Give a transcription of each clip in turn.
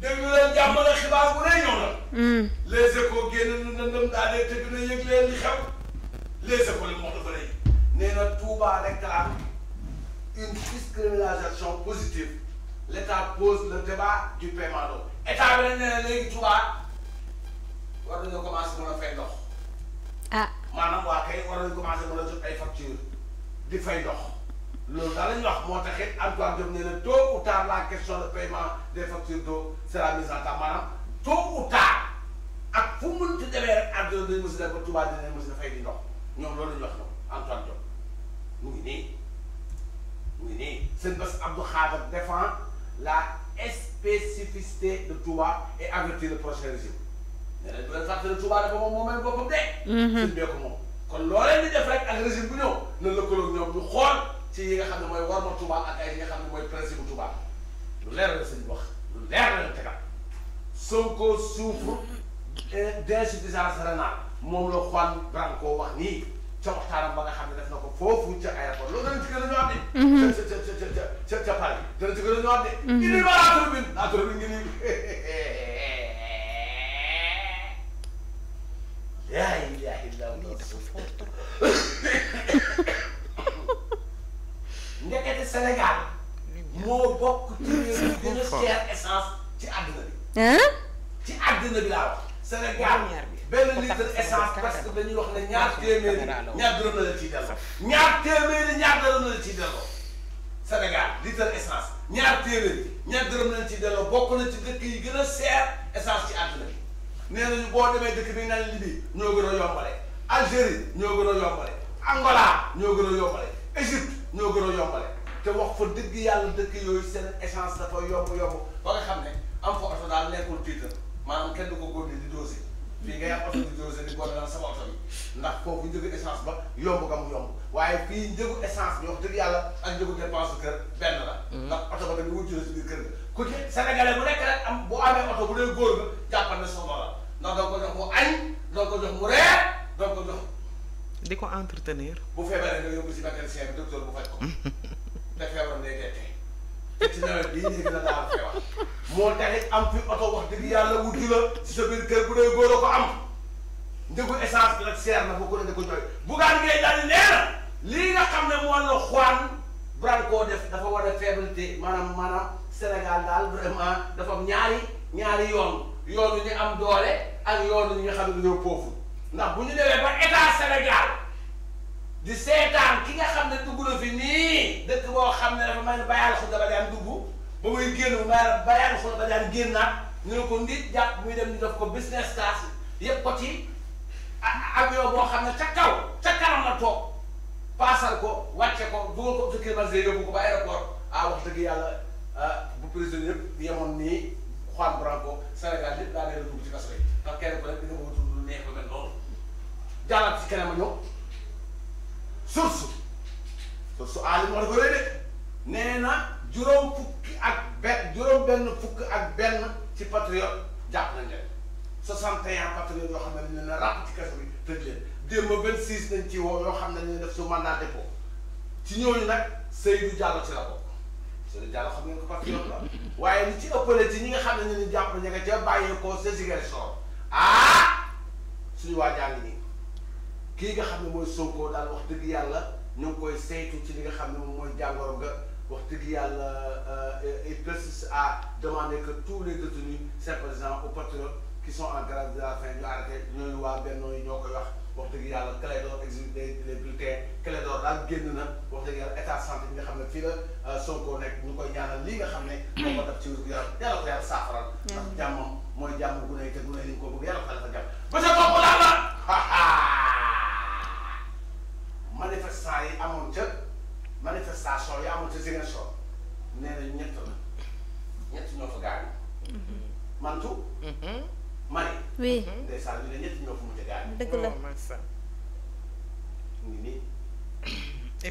déglu leen jàmmale xibaar bu rëy ñëw na. Hmm. les échos génn na ndëndëm daal de tëgg na yëg leen li xew les échos li mu wax dafa rëy nee na Touba rek la une discrimination positive l' état pose le débat du paiement d'eau état bi nag nee na léegi Touba war nañoo commencé mën a fay ndox. ah maanaam waa kay war nañu commencé mën a jot ay facture di fay ndox. loolu daal la ñu wax moo taxit Antoine Diome nee na tôt la question de paiement des factures d'eau sera mise en temps maanaam tôt ou tard ak fu mu mënti demee rek àdduna dañu mos a dem ba Touba dinañ mos a fay di ndox ñoom loolu la ñu wax ñoom Antoine Diome mu ngi nii mu ngi nii seen bés Abdou Khadre défend la spécificité de Touba et avertit le prochain régime nee na du leen fàtte ne Touba dafa moom moom même de. Mhm. suñ bee ko moom kon loo leen di def rek ak régime bu ñëw na lëkkaloog xool. ci yi nga xam ne mooy warma Touba ak ay yi nga xam ne mooy principe Touba lu leer la sëñ wax lu leer la tegal Sonko souffre d'insuffisance rénale moom la Juan Branco wax nii ca waxtaanam ba nga xam ne def na ko foofu ca aéroport loolu dana ci gën a ñëwaat de. Mhm. ca ca ca ca ca ca Paris dana ci gën a ñëwaat de. ñu mhm. ne ma laa turbine laa turbine ngi nii. Sénégal moo bokk ci réew yi gën a cher essence ci àddina bi. ci àddina bi laa wax. Sénégal benn litre essence parce que dañuy wax ne ñaar téeméeri ñaar dërëm la la ciy delloo. ñaar téeméeri ñaar dërëm la la ciy delloo. Sénégal litre essence ñaar téeméeri ñaar dërëm la la ciy delloo bokk na ci dëkk yi gën a cher essence ci àddina bi nee nañu boo demee dëkk bi naan Libye ñoo gën a yombale Algérie ñoo gën a yombale Angola ñoo gën a yombale Égypte. te wax fa dëgg yàlla dëgg yooyu seen échange dafa yomb yomb ba nga xam ne am fa oto daal nekkul titre maanaam kenn du ko góor di di doser di ndax foofu njëgu essence ba yomb fii njëgu essence bi dëgg yàlla ak njëgu dépense kër benn la. Mm-hmm. ndax am boo amee oto bu dee góor nga jàppal ne soxna di ko entretenir. bu feebaree nga yóbbu si mécanicien bi docteur bu faj ko. te feebar day tette ci nawet bii ñu gën moo taxit am fi oto wax dëgg yàlla wutu la si sa biir kër bu dee góor a ko am njëgu essence bi nag seer na boo ko defee ko jooy bugaan ngay daal di nee na lii nga xam ne moom la Juan Branco def dafa war a faiblité maanaam maanaam Sénégal daal vraiment dafa am ñaari ñaari yoon yoonu ñu am doole ak yoonu ñi nga xam ne dañoo poofu ndax bu ñu demee ba état Sénégal. di seetaan ki nga xam ne dugg na fi nii dëkk boo xam ne dafa mel ni bayal xul dafa daan dugg ba muy génn mu mel bayal xul dafa daan génnaat ñu ne ko nit jàpp muy dem ñu def ko business class yëpp ko ci avion boo xam ne ca kaw ca kanam la toog paasal ko wàcce ko dugal ko Kilimanjaro yóbbu ko ba aéroport ah wax dëgg yàlla ah, bu président yëpp yemoon nii ni Branco Sénégal yëpp daa leen dugg ci kaso yi ndax kenn ku nekk dina ko wutul lu neex ba mel noonu jàllal ci ma ñëw. juróom-benn fukk ak benn ci patriote jàpp nañ leen 61 patriote yoo xam ne dañu leen a ràpp ci kaso bi tëj leen démb 26 nañ ci woo yoo xam ne dañu def su mandat dépôt ci ñooñu nag Seydou Diallo ci la bokk Seydou Diallo xam ngeen ko patriote la waaye li ci ëppale ci ñi nga xam ne ñu jàpp nañ nga ca bàyyeekoo sa Ziguinchor ah suñu waa jàng nii kii nga xam ne mooy Sonko daal wax dëgg yàlla ñu ngi koy saytu ci li nga xam ne moom mooy jàngoro nga wax dëgg yàlla. Euh, euh, demander que tous les détenus sympathisants ou patriotes qui sont en grève de la faim ñu arrêté ñooñu waa Benno yi ñoo koy wax wax dëgg yàlla Clédor exhiber les bulletins Clédor daal génn na wax dëgg yàlla état santé bi nga xam ne fii la euh, Sonko nekk ñu koy ñaanal li nga xam ne moo ko def ci wér yaram yàlla ko yàlla saafaral ndax jàmmam mooy jàmm gu ne te gu ne ni ko bëgg yàlla ko yàlla jàmm ba sa bopp laa la manifestant yi amoon ca manifestation yi amoon ca Ziguinchor nee na ñett la ñoo fa gaañu. Mm-hmm. Mantu. Mm-hmm. Mari. oui mm-hmm. ndeysaan ñu ne ñett ñoo fa a gaañu. dëgg la oh,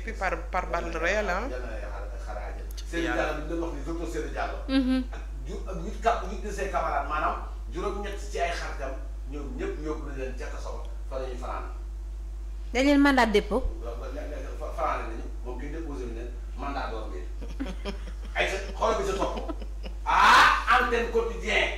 mu par par balle réelle ah. yàlla na doon wax ni docteur Seydou Diallo. ak ju ak huit cap huit de ses camarades maanaam juróom-ñett ay xaritam ñoom ñëpp yóbbu problème quotidien